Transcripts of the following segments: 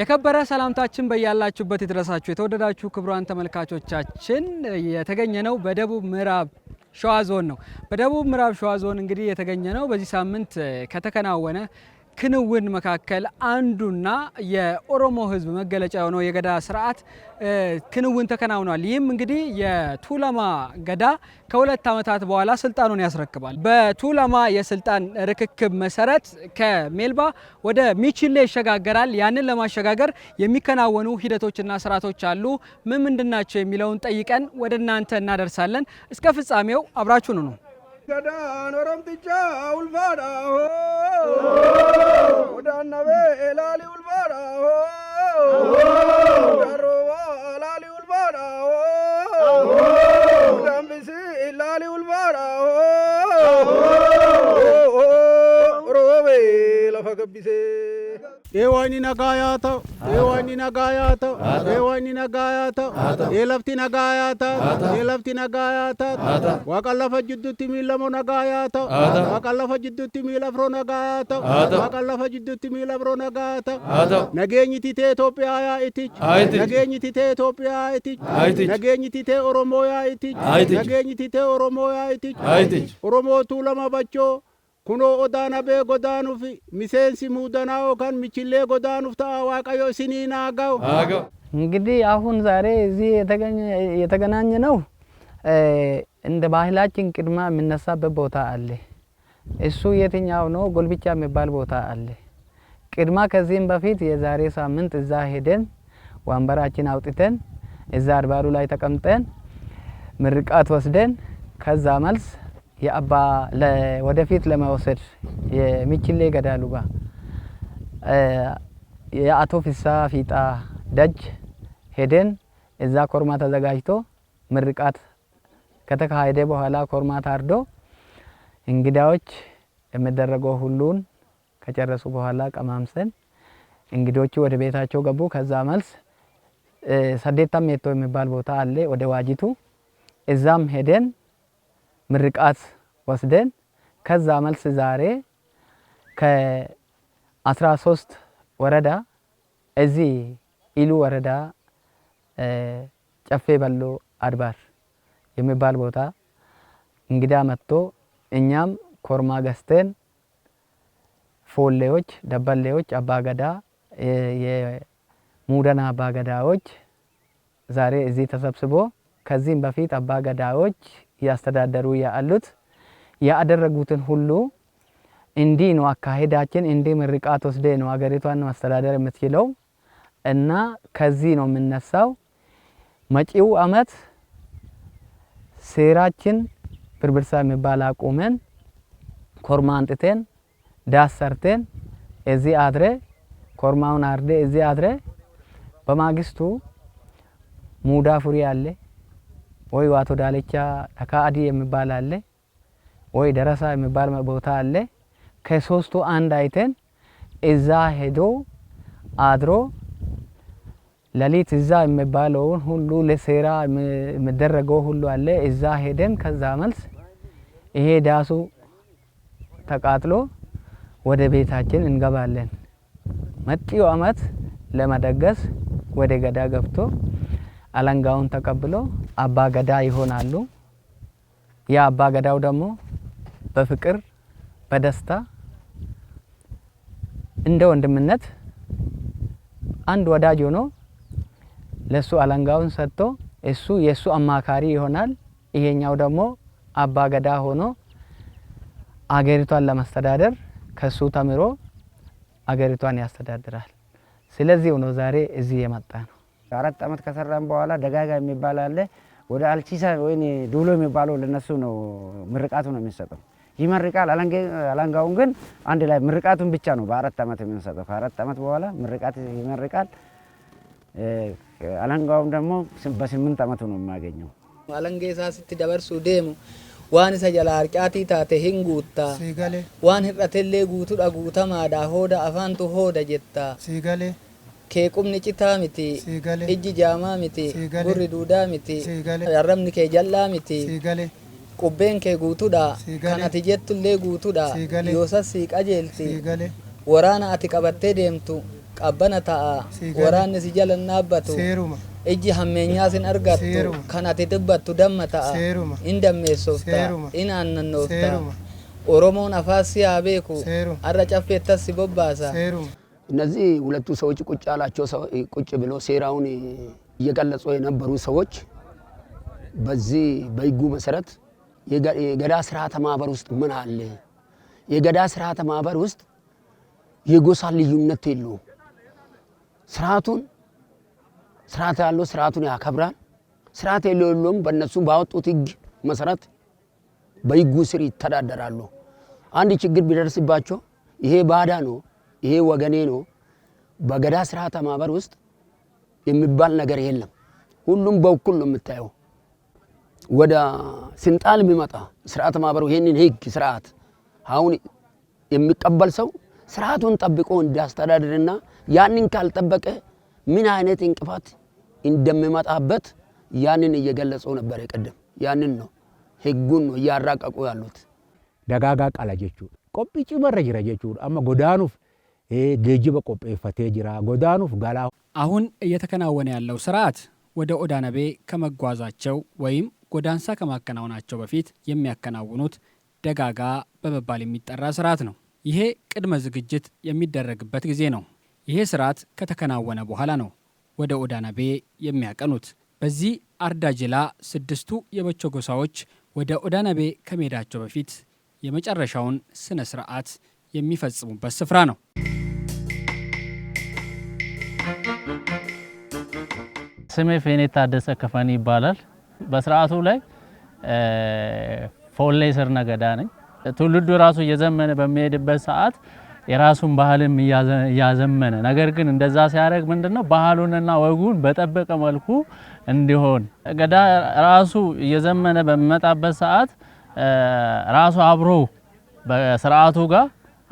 የከበረ ሰላምታችን በያላችሁበት ይድረሳችሁ። የተወደዳችሁ ክቡራን ተመልካቾቻችን የተገኘ ነው በደቡብ ምዕራብ ሸዋ ዞን ነው። በደቡብ ምዕራብ ሸዋ ዞን እንግዲህ የተገኘ ነው በዚህ ሳምንት ከተከናወነ ክንውን መካከል አንዱና የኦሮሞ ሕዝብ መገለጫ የሆነው የገዳ ስርዓት ክንውን ተከናውኗል። ይህም እንግዲህ የቱለማ ገዳ ከሁለት ዓመታት በኋላ ስልጣኑን ያስረክባል። በቱለማ የስልጣን ርክክብ መሰረት ከሜልባ ወደ ሚችሌ ይሸጋገራል። ያንን ለማሸጋገር የሚከናወኑ ሂደቶችና ስርዓቶች አሉ። ምን ምንድን ናቸው የሚለውን ጠይቀን ወደ እናንተ እናደርሳለን። እስከ ፍጻሜው አብራችሁን ነው። ገዳን ኦሮምትቻ ውልፋዳ No. a ኤዋኒ ነጋያተው ኤዋኒ ነጋያተው ኤዋኒ ነጋያተው ኤለፍቲ ነጋያተው ኤለፍቲ ነጋያተው ዋቀለፈ ጅዱቲ ሚለሞ ነጋያተው ዋቀለፈ ጅዱቲ ሚለፍሮ ነጋያተው ዋቀለፈ ጅዱቲ ሚለብሮ ነጋያተው ነገኝቲቴ ኢትዮጵያ ያኢቲች ነገኝቲቴ ኢትዮጵያ ያኢቲች ነገኝቲቴ ኦሮሞ ያኢቲች ነገኝቲቴ ኦሮሞ ያኢቲች ኦሮሞቱ ለማባቸው Kunoo bee godaanuuf miseensi muudanaው ከን ሚችሌ ጎዳኑፍ ታ ዋቀዮ ሲኒና አጋው እንግዲህ አሁን ዛሬ እዚህ የተገናኘ ነው። እንደ ባህላችን ቅድማ የሚነሳበት ቦታ አለ። እሱ የትኛው ነው? ጎልብቻ የሚባል ቦታ አለ። ቅድማ ከዚህም በፊት የዛሬ ሳምንት እዛ ሄደን ወንበራችን አውጥተን እዛ አድባሩ ላይ ተቀምጠን ምርቃት ወስደን ከዛ መልስ የአባ ወደፊት ለመውሰድ የሚችሌ ገዳሉባ የአቶ ፊሳ ፊጣ ደጅ ሄደን እዛ ኮርማ ተዘጋጅቶ ምርቃት ከተካሄደ በኋላ ኮርማ ታርዶ እንግዳዎች የሚደረገው ሁሉን ከጨረሱ በኋላ ቀማምሰን እንግዶቹ ወደ ቤታቸው ገቡ። ከዛ መልስ ሰዴታ ሜቶ የሚባል ቦታ አለ ወደ ዋጅቱ እዛም ሄደን ምርቃት ወስደን ከዛ መልስ ዛሬ ከ13 ወረዳ እዚህ ኢሉ ወረዳ ጨፌ በሎ አድባር የሚባል ቦታ እንግዳ መጥቶ እኛም ኮርማ ገዝተን ፎሌዎች፣ ደበሌዎች፣ አባገዳ የሙደና አባገዳዎች ዛሬ እዚህ ተሰብስቦ ከዚህም በፊት አባገዳዎች እያስተዳደሩ ያሉት ያደረጉትን ሁሉ እንዲህ ነው አካሄዳችን፣ እንዲህ ምርቃት ወስደ ነው ሀገሪቷን ማስተዳደር የምትችለው እና ከዚህ ነው የምነሳው። መጪው አመት ሴራችን ብርብርሳ የሚባል አቁመን ኮርማ አንጥተን ዳስ ሰርተን እዚህ አድሬ ኮርማውን አርዴ እዚህ አድሬ በማግስቱ ሙዳ አለ ወይ ዋቶ ዳለቻ ዳካ የሚባል አለ ወይ ደረሳ የሚባል ቦታ አለ። ከሶስቱ አንድ አይተን እዛ ሄዶ አድሮ ለሊት እዛ የሚባለውን ሁሉ ለሴራ የሚደረገው ሁሉ አለ። እዛ ሄደን ከዛ መልስ ይሄ ዳሱ ተቃጥሎ ወደ ቤታችን እንገባለን። መጪው አመት ለመደገስ ወደ ገዳ ገብቶ አለንጋውን ተቀብሎ አባ ገዳ ይሆናሉ። ያ አባ ገዳው ደግሞ በፍቅር በደስታ እንደ ወንድምነት አንድ ወዳጅ ሆኖ ለሱ አለንጋውን ሰጥቶ እሱ የሱ አማካሪ ይሆናል። ይሄኛው ደግሞ አባገዳ ሆኖ አገሪቷን ለማስተዳደር ከሱ ተምሮ አገሪቷን ያስተዳድራል። ስለዚህ ሆኖ ዛሬ እዚህ የመጣ ነው። አራት አመት ከሰራን በኋላ ደጋጋ የሚባል አለ ወደ አልቺሳ ወይ ዱሎ የሚባለው ለነሱ ነው ምርቃቱ ነው የሚሰጠው ይመርቃል። አለንጋውን ግን አንድ ላይ ምርቃቱን ብቻ ነው በአራት ዓመት የምንሰጠው። ከአራት ዓመት በኋላ ምርቃት ይመርቃል። አለንጋውም ደግሞ በስምንት አመት ነው የማገኘው። አለንጌሳ ስትደበርሱ ደሙ ዋን እሰ ጀላ አርጫቲ ታቴ ሂን ዋን ህረቴሌ ጉቱ ጉተ ማዳ ሆደ አፋንቱ ሆደ ጀታ ሲገሌ ኬቁምኒ ጭታ ሚቲ እጅ ጃማ ሚቲ ጉሪ ዱዳ ሚቲ አረምኒ ኬ ጀላ ሚቲ ሲገሌ qubbeen kee guutuudha kanati jettullee guutuudha yoosas sii qajeelti waraana ati qabattee deemtu qabbana ta'a waraanni si jala naabbatu iji hammeenyaa sin argattu kan ati xibbattu damma ta'a in dammeessofta in aannannoofta ኦሮሞን አፋሲ አቤኩ አራጫፌታስ ሲቦባሳ እነዚህ ሁለቱ ሰዎች ቁጭ ያላቸው ቁጭ ብሎ ሴራውን እየገለጹ የነበሩ ሰዎች በዚህ በህጉ መሰረት የገዳ ስርዓተ ማህበር ውስጥ ምን አለ? የገዳ ስርዓተ ማህበር ውስጥ የጎሳ ልዩነት የለውም። ስርዓቱን ስርዓት ያለው ስርዓቱን ያከብራል። ስርዓት የሌለውም በእነሱ ባወጡት ህግ መሰረት በህጉ ስር ይተዳደራሉ። አንድ ችግር ቢደርስባቸው ይሄ ባዳ ነው፣ ይሄ ወገኔ ነው። በገዳ ስርዓተ ማህበር ውስጥ የሚባል ነገር የለም። ሁሉም በኩል ነው የምታየው። ወደ ስልጣን የሚመጣ ስርዓት ማህበሩ ይህንን ህግ ስርዓት አሁን የሚቀበል ሰው ስርዓቱን ጠብቆ እንዲያስተዳድርና ያንን ካልጠበቀ ምን አይነት እንቅፋት እንደሚመጣበት ያንን እየገለጸው ነበር። የቀደም ያንን ነው ህጉን ነው እያራቀቁ ያሉት። ደጋጋ ቃላ ጀቹ ቆጵ ጭመረ ጅራ ጀቹ አማ ጎዳኑፍ ጌጅበ ቆጴፈቴ ጅራ ጎዳኑፍ ጋላ አሁን እየተከናወነ ያለው ስርዓት ወደ ኦዳነቤ ከመጓዛቸው ወይም ጎዳንሳ ከማከናወናቸው በፊት የሚያከናውኑት ደጋጋ በመባል የሚጠራ ስርዓት ነው። ይሄ ቅድመ ዝግጅት የሚደረግበት ጊዜ ነው። ይሄ ስርዓት ከተከናወነ በኋላ ነው ወደ ኦዳናቤ የሚያቀኑት። በዚህ አርዳጅላ ስድስቱ የበቾ ጎሳዎች ወደ ኦዳናቤ ከመሄዳቸው በፊት የመጨረሻውን ስነ ስርዓት የሚፈጽሙበት ስፍራ ነው። ስሜ ፌኔ ታደሰ ከፈኒ ይባላል። በስርዓቱ ላይ ፎሌ ስር ነገዳ ነኝ። ትውልዱ ራሱ እየዘመነ በሚሄድበት ሰዓት የራሱን ባህልም እያዘመነ ነገር ግን እንደዛ ሲያደርግ ምንድነው ባህሉንና ወጉን በጠበቀ መልኩ እንዲሆን ገዳ ራሱ እየዘመነ በሚመጣበት ሰዓት ራሱ አብሮ በስርዓቱ ጋር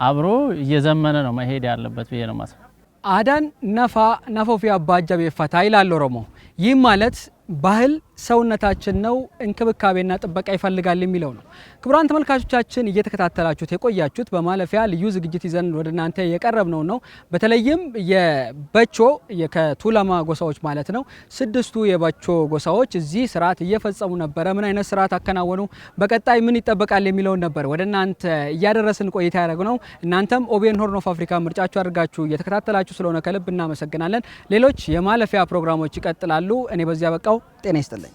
አብሮ እየዘመነ ነው መሄድ ያለበት ብዬ ነው ማስ አዳን ነፋ ነፎፊ አባጃ ቤፈታ ይላል ኦሮሞ። ይህም ማለት ባህል ሰውነታችን ነው፣ እንክብካቤና ጥበቃ ይፈልጋል የሚለው ነው። ክቡራን ተመልካቾቻችን እየተከታተላችሁት የቆያችሁት በማለፊያ ልዩ ዝግጅት ይዘን ወደ እናንተ የቀረብነው ነው። በተለይም የበቾ ከቱለማ ጎሳዎች ማለት ነው ስድስቱ የበቾ ጎሳዎች እዚህ ስርዓት እየፈጸሙ ነበረ። ምን አይነት ስርዓት አከናወኑ፣ በቀጣይ ምን ይጠበቃል የሚለውን ነበር ወደ እናንተ እያደረስን ቆይታ ነው። እናንተም ኦቤን ሆርን ኦፍ አፍሪካ ምርጫችሁ አድርጋችሁ እየተከታተላችሁ ስለሆነ ከልብ እናመሰግናለን። ሌሎች የማለፊያ ፕሮግራሞች ይቀጥላሉ። እኔ በዚያ በቃው ጤና ይስጥልኝ።